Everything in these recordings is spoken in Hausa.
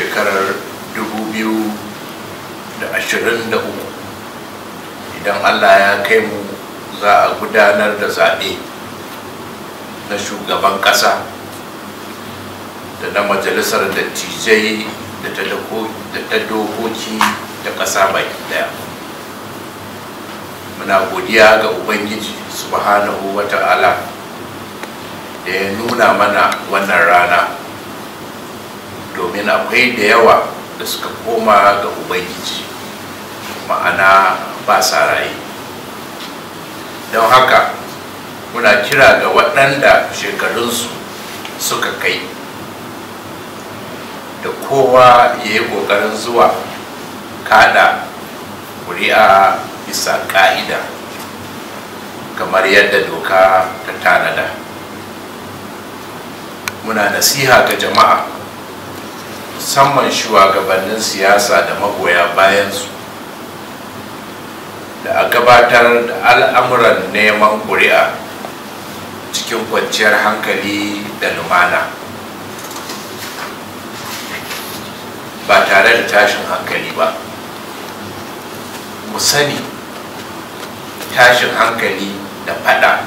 shekarar da uku idan allah ya kai mu za a gudanar da zaɓe na shugaban ƙasa da na majalisar dattijai da ta dokoki da ƙasa baki daya muna godiya ga ubangiji subhanahu wata'ala da ya nuna mana wannan wanda akwai da yawa da suka koma ga ubangiji ma'ana ba sa raye don haka muna kira ga waɗanda shekarunsu suka kai da kowa ya yi ƙoƙarin zuwa kada ƙuri'a bisa ƙa'ida kamar yadda doka ta tanada muna nasiha ga jama'a musamman shugabannin siyasa da magoya bayansu da a gabatar da al'amuran neman ƙuri'a cikin kwanciyar hankali da lumana ba tare da tashin hankali ba mu sani tashin hankali da fada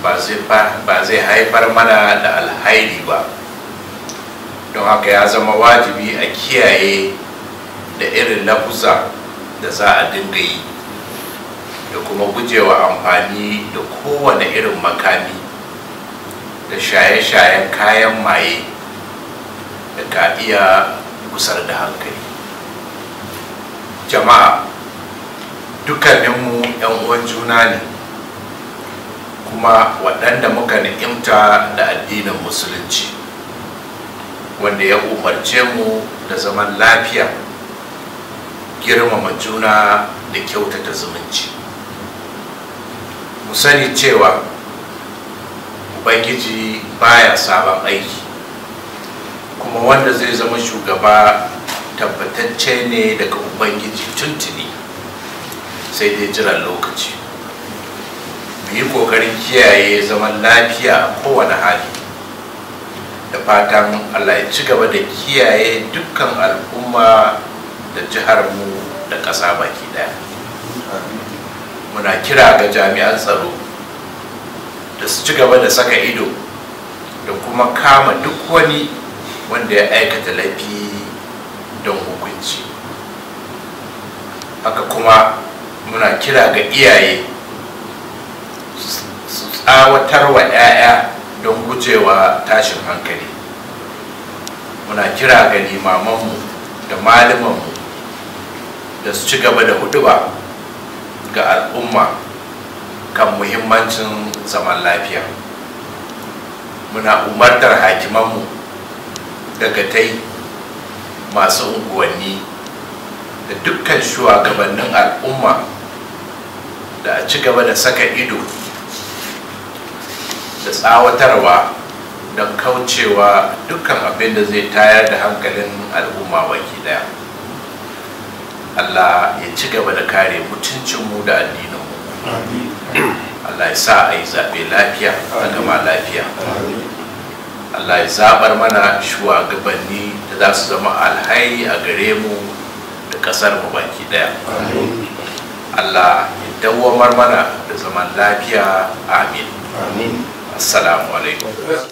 ba zai haifar mana da alhairi ba don haka ya zama wajibi a kiyaye da irin lafuza da za a dinga yi da kuma gujewa amfani da kowane irin makami da shaye-shayen kayan maye da ka iya gusar da hankali jama'a dukkaninmu 'yan uwan juna ne kuma waɗanda muka ni'imta da addinin musulunci wanda ya umarce mu da zaman lafiya girmama juna da kyautata zumunci mu sani cewa ubangiji baya sabon aiki kuma wanda zai zama shugaba tabbatacce ne daga ubangiji tuntuni sai dai jiran lokaci mu yi ƙoƙarin kiyaye zaman lafiya a kowane hali da fatan allah ya ci gaba da kiyaye dukkan al'umma da jihar mu da ƙasa baki daya muna kira ga jami'an tsaro da su ci gaba da saka ido da kuma kama duk wani wanda ya aikata laifi don hukunci haka kuma muna kira ga iyaye su tsawatar wa 'ya'ya don gujewa tashin hankali muna kira ga limamanmu da malamanmu da su ci gaba da huduba ga al'umma kan muhimmancin zaman lafiya muna umartar hakimanmu daga tai masu unguwanni da dukkan shugabannin al'umma da a ci gaba da saka ido tsawatarwa don kaucewa dukkan abin da zai tayar da hankalin al'umma baki daya allah ya ci gaba da kare mutuncinmu da addininmu allah ya sa a yi zaɓe lafiya a gama lafiya allah ya zaɓar mana shugabanni da za su zama alhai a gare mu da ƙasar mu baki daya allah ya dawwamar mana da zaman lafiya amin السلام عليكم